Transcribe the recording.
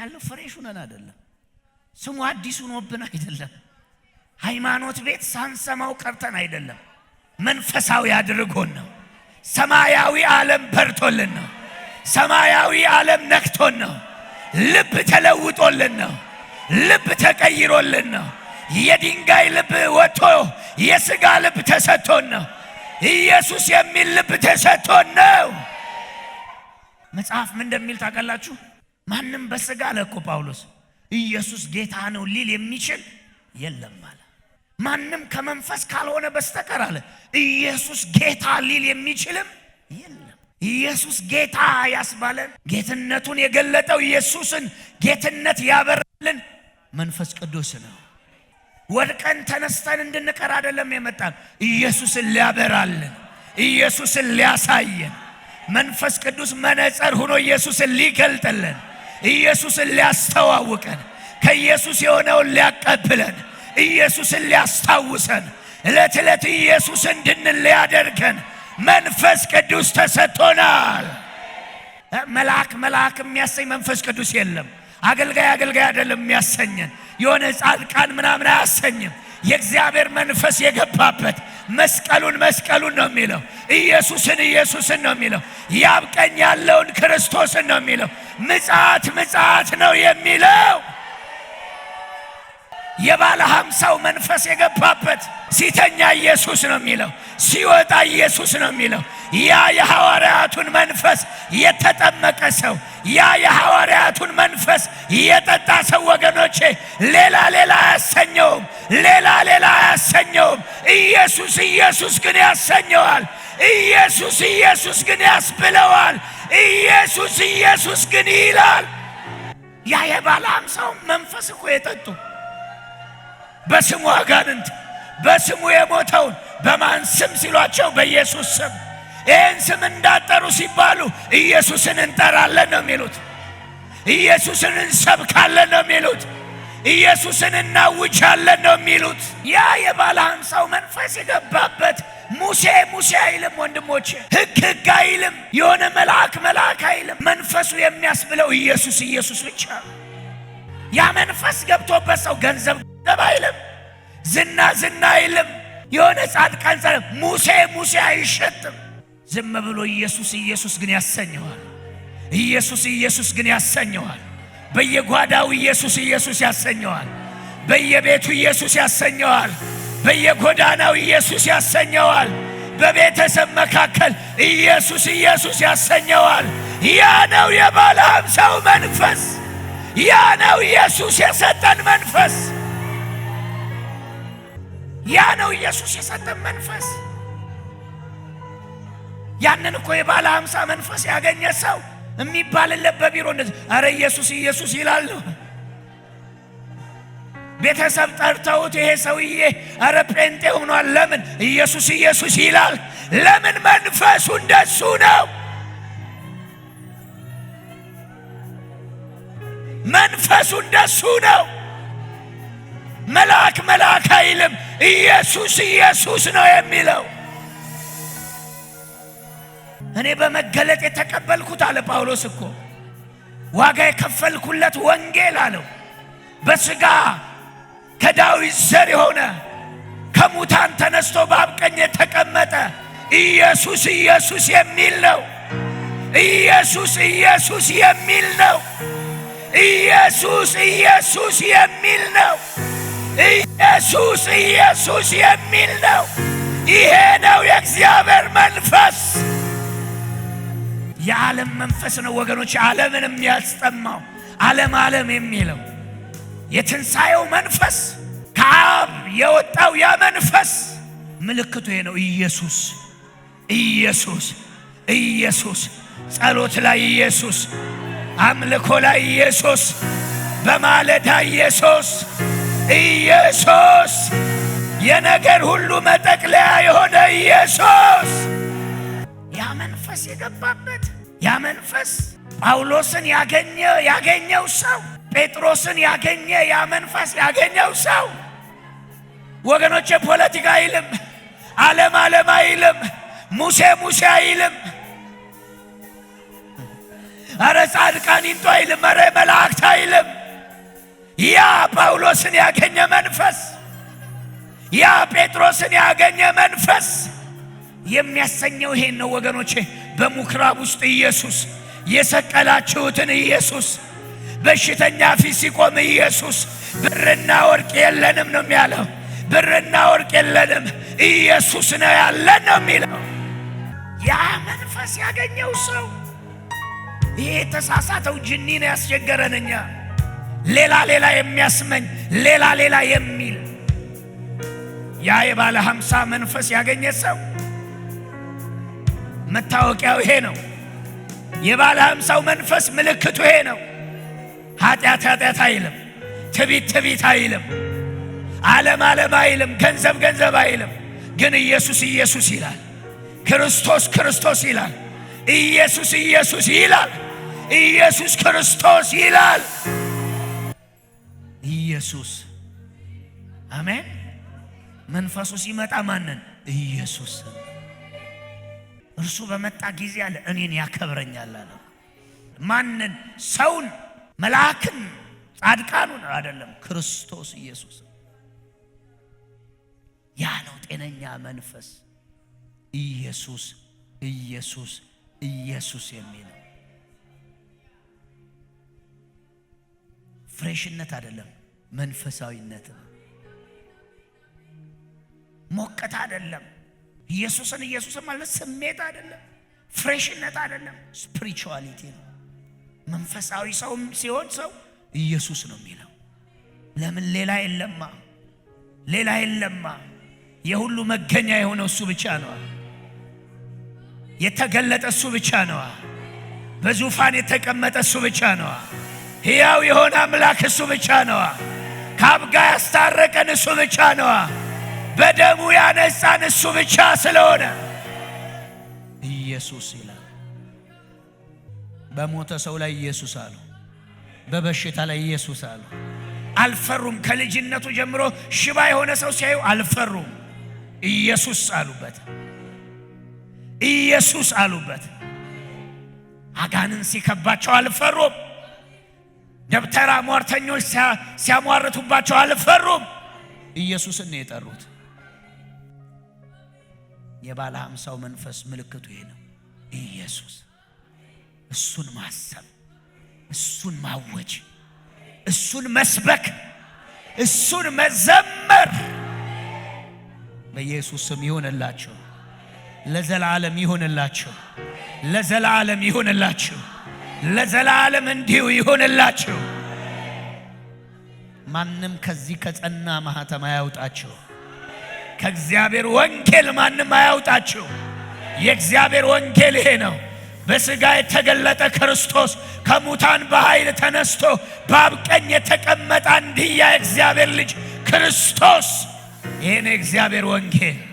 ያለው ፍሬሽ ሁነን አይደለም፣ ስሙ አዲስ ሆኖብን አይደለም፣ ሃይማኖት ቤት ሳንሰማው ቀርተን አይደለም። መንፈሳዊ አድርጎን ነው። ሰማያዊ ዓለም በርቶልን ነው። ሰማያዊ ዓለም ነክቶን ነው። ልብ ተለውጦልን ነው። ልብ ተቀይሮልን ነው። የድንጋይ ልብ ወጥቶ የሥጋ ልብ ተሰጥቶን ነው። ኢየሱስ የሚል ልብ ተሰጥቶን ነው። መጽሐፍ ምን እንደሚል ታውቃላችሁ? ማንም በስጋ አለ እኮ ጳውሎስ ኢየሱስ ጌታ ነው ሊል የሚችል የለም አለ። ማንም ከመንፈስ ካልሆነ በስተቀር አለ ኢየሱስ ጌታ ሊል የሚችልም የለም። ኢየሱስ ጌታ ያስባለን ጌትነቱን የገለጠው ኢየሱስን ጌትነት ያበራልን መንፈስ ቅዱስ ነው። ወድቀን ተነስተን እንድንቀር አይደለም የመጣን፣ ኢየሱስን ሊያበራልን፣ ኢየሱስን ሊያሳየን መንፈስ ቅዱስ መነጸር ሆኖ ኢየሱስን ሊገልጥልን ኢየሱስን ሊያስተዋውቀን፣ ከኢየሱስ የሆነውን ሊያቀብለን፣ ኢየሱስን ሊያስታውሰን፣ ዕለት ዕለት ኢየሱስ እንድንል ሊያደርገን መንፈስ ቅዱስ ተሰጥቶናል። መልአክ መልአክ የሚያሰኝ መንፈስ ቅዱስ የለም። አገልጋይ አገልጋይ አይደለም የሚያሰኘን። የሆነ ጻድቃን ምናምን አያሰኝም። የእግዚአብሔር መንፈስ የገባበት መስቀሉን መስቀሉን ነው የሚለው። ኢየሱስን ኢየሱስን ነው የሚለው። ያብቀኝ ያለውን ክርስቶስን ነው የሚለው። ምጻት ምጻት ነው የሚለው የባለ ሀምሳው መንፈስ የገባበት ሲተኛ ኢየሱስ ነው የሚለው፣ ሲወጣ ኢየሱስ ነው የሚለው። ያ የሐዋርያቱን መንፈስ የተጠመቀ ሰው፣ ያ የሐዋርያቱን መንፈስ የጠጣ ሰው ወገኖቼ፣ ሌላ ሌላ አያሰኘውም፣ ሌላ ሌላ አያሰኘውም። ኢየሱስ ኢየሱስ ግን ያሰኘዋል። ኢየሱስ ኢየሱስ ግን ያስብለዋል። ኢየሱስ ኢየሱስ ግን ይላል። ያ የባላም ሰው መንፈስ እኮ የጠጡ በስሙ አጋንንት በስሙ የሞተውን በማን ስም ሲሏቸው በኢየሱስ ስም ይህን ስም እንዳጠሩ ሲባሉ ኢየሱስን እንጠራለን ነው የሚሉት። ኢየሱስን እንሰብካለን ነው የሚሉት። ኢየሱስን እናውቻለን ነው የሚሉት። ያ የባለ አምሳው መንፈስ የገባበት ሙሴ ሙሴ አይልም ወንድሞቼ፣ ህግ ህግ አይልም። የሆነ መልአክ መልአክ አይልም። መንፈሱ የሚያስብለው ኢየሱስ ኢየሱስ ብቻ። ያ መንፈስ ገብቶበት ሰው ገንዘብ ገንዘብ አይልም፣ ዝና ዝና አይልም። የሆነ ጻድቃን ጻድቅ ሙሴ ሙሴ አይሸጥም። ዝም ብሎ ኢየሱስ ኢየሱስ ግን ያሰኘዋል። ኢየሱስ ኢየሱስ ግን ያሰኘዋል። በየጓዳው ኢየሱስ ኢየሱስ ያሰኘዋል። በየቤቱ ኢየሱስ ያሰኘዋል። በየጎዳናው ኢየሱስ ያሰኘዋል። በቤተሰብ መካከል ኢየሱስ ኢየሱስ ያሰኘዋል። ያ ነው የባለ ሰው መንፈስ። ያ ነው ኢየሱስ የሰጠን መንፈስ። ያ ነው ኢየሱስ የሰጠን መንፈስ። ያንን እኮ የባለ ሀምሳ መንፈስ ያገኘ ሰው የሚባልለት በቢሮ እንደዚህ አረ ኢየሱስ ኢየሱስ ይላል ነው ቤተሰብ ጠርተውት ይሄ ሰውዬ አረ ጴንጤ ሆኗል። ለምን ኢየሱስ ኢየሱስ ይላል? ለምን መንፈሱ እንደሱ ነው። መንፈሱ እንደሱ ነው። መልአክ መልአክ አይልም፣ ኢየሱስ ኢየሱስ ነው የሚለው። እኔ በመገለጥ የተቀበልኩት አለ ጳውሎስ እኮ ዋጋ የከፈልኩለት ወንጌል አለው በስጋ? ከዳዊት ዘር የሆነ ከሙታን ተነስቶ በአብ ቀኝ የተቀመጠ ኢየሱስ ኢየሱስ የሚል ነው። ኢየሱስ ኢየሱስ የሚል ነው። ኢየሱስ ኢየሱስ የሚል ነው። ኢየሱስ ኢየሱስ የሚል ነው። ይሄ ነው የእግዚአብሔር መንፈስ። የዓለም መንፈስ ነው ወገኖች፣ ዓለምን የሚያስጠማው ዓለም ዓለም የሚለው የትንሣኤው መንፈስ ከአብ የወጣው ያ መንፈስ ምልክቱ ይሄ ነው። ኢየሱስ ኢየሱስ ኢየሱስ፣ ጸሎት ላይ ኢየሱስ፣ አምልኮ ላይ ኢየሱስ፣ በማለዳ ኢየሱስ ኢየሱስ የነገር ሁሉ መጠቅለያ የሆነ ኢየሱስ ያ መንፈስ የገባበት ያ መንፈስ ጳውሎስን ያገኘው ሰው ጴጥሮስን ያገኘ ያ መንፈስ ያገኘው ሰው ወገኖቼ ፖለቲካ አይልም፣ ዓለም ዓለም አይልም፣ ሙሴ ሙሴ አይልም፣ አረ ጻድቃን አይልም፣ አረ መላእክት አይልም። ያ ጳውሎስን ያገኘ መንፈስ፣ ያ ጴጥሮስን ያገኘ መንፈስ የሚያሰኘው ይሄን ነው ወገኖቼ። በምኩራብ ውስጥ ኢየሱስ የሰቀላችሁትን ኢየሱስ በሽተኛ ፊት ሲቆም ኢየሱስ ብርና ወርቅ የለንም ነው የሚያለው። ብርና ወርቅ የለንም ኢየሱስ ነው ያለን ነው የሚለው። ያ መንፈስ ያገኘው ሰው ይሄ የተሳሳተው ጅኒ ነው ያስቸገረን እኛ ሌላ ሌላ የሚያስመኝ ሌላ ሌላ የሚል ያ የባለ ሀምሳ መንፈስ ያገኘ ሰው መታወቂያው ይሄ ነው። የባለ ሀምሳው መንፈስ ምልክቱ ይሄ ነው። ኃጢአት ኃጢአት አይልም። ትቢት ትቢት አይልም። ዓለም ዓለም አይልም። ገንዘብ ገንዘብ አይልም። ግን ኢየሱስ ኢየሱስ ይላል። ክርስቶስ ክርስቶስ ይላል። ኢየሱስ ኢየሱስ ይላል። ኢየሱስ ክርስቶስ ይላል። ኢየሱስ አሜን። መንፈሱ ሲመጣ ማንን? ኢየሱስ እርሱ በመጣ ጊዜ አለ እኔን ያከብረኛል አለ። ማንን? ሰውን መልአክን ጻድቃኑን አይደለም ክርስቶስ ኢየሱስ ያ ነው ጤነኛ መንፈስ። ኢየሱስ ኢየሱስ ኢየሱስ የሚለው ፍሬሽነት አይደለም፣ መንፈሳዊነት ሞቀት አይደለም። ኢየሱስን ኢየሱስን ማለት ስሜት አይደለም፣ ፍሬሽነት አይደለም፣ ስፒሪቹዋሊቲ ነው። መንፈሳዊ ሰውም ሲሆን ሰው ኢየሱስ ነው የሚለው። ለምን ሌላ የለማ፣ ሌላ የለማ። የሁሉ መገኛ የሆነው እሱ ብቻ ነዋ። የተገለጠ እሱ ብቻ ነዋ። በዙፋን የተቀመጠ እሱ ብቻ ነዋ። ሕያው የሆነ አምላክ እሱ ብቻ ነዋ። ከአብ ጋር ያስታረቀን እሱ ብቻ ነዋ። በደሙ ያነጻን እሱ ብቻ ስለሆነ ኢየሱስ ይላል። በሞተ ሰው ላይ ኢየሱስ አሉ። በበሽታ ላይ ኢየሱስ አሉ። አልፈሩም። ከልጅነቱ ጀምሮ ሽባ የሆነ ሰው ሲያዩ አልፈሩም። ኢየሱስ አሉበት። ኢየሱስ አሉበት። አጋንን ሲከባቸው አልፈሩም። ደብተራ ሟርተኞች ሲያሟርቱባቸው አልፈሩም። ኢየሱስን ነው የጠሩት። የባለ ሀምሳው መንፈስ ምልክቱ ይሄ ነው ኢየሱስ እሱን ማሰብ፣ እሱን ማወጅ፣ እሱን መስበክ፣ እሱን መዘመር በኢየሱስ ስም ይሆንላችሁ። ለዘላለም ይሆንላችሁ። ለዘላለም ይሆንላችሁ። ለዘላለም እንዲሁ ይሆንላችሁ። ማንም ከዚህ ከጸና ማህተም አያውጣችሁ። ከእግዚአብሔር ወንጌል ማንም አያውጣችሁ። የእግዚአብሔር ወንጌል ይሄ ነው። በሥጋ የተገለጠ ክርስቶስ ከሙታን በኃይል ተነስቶ በአብ ቀኝ የተቀመጠ አንድያ እግዚአብሔር ልጅ ክርስቶስ ይህን የእግዚአብሔር ወንጌል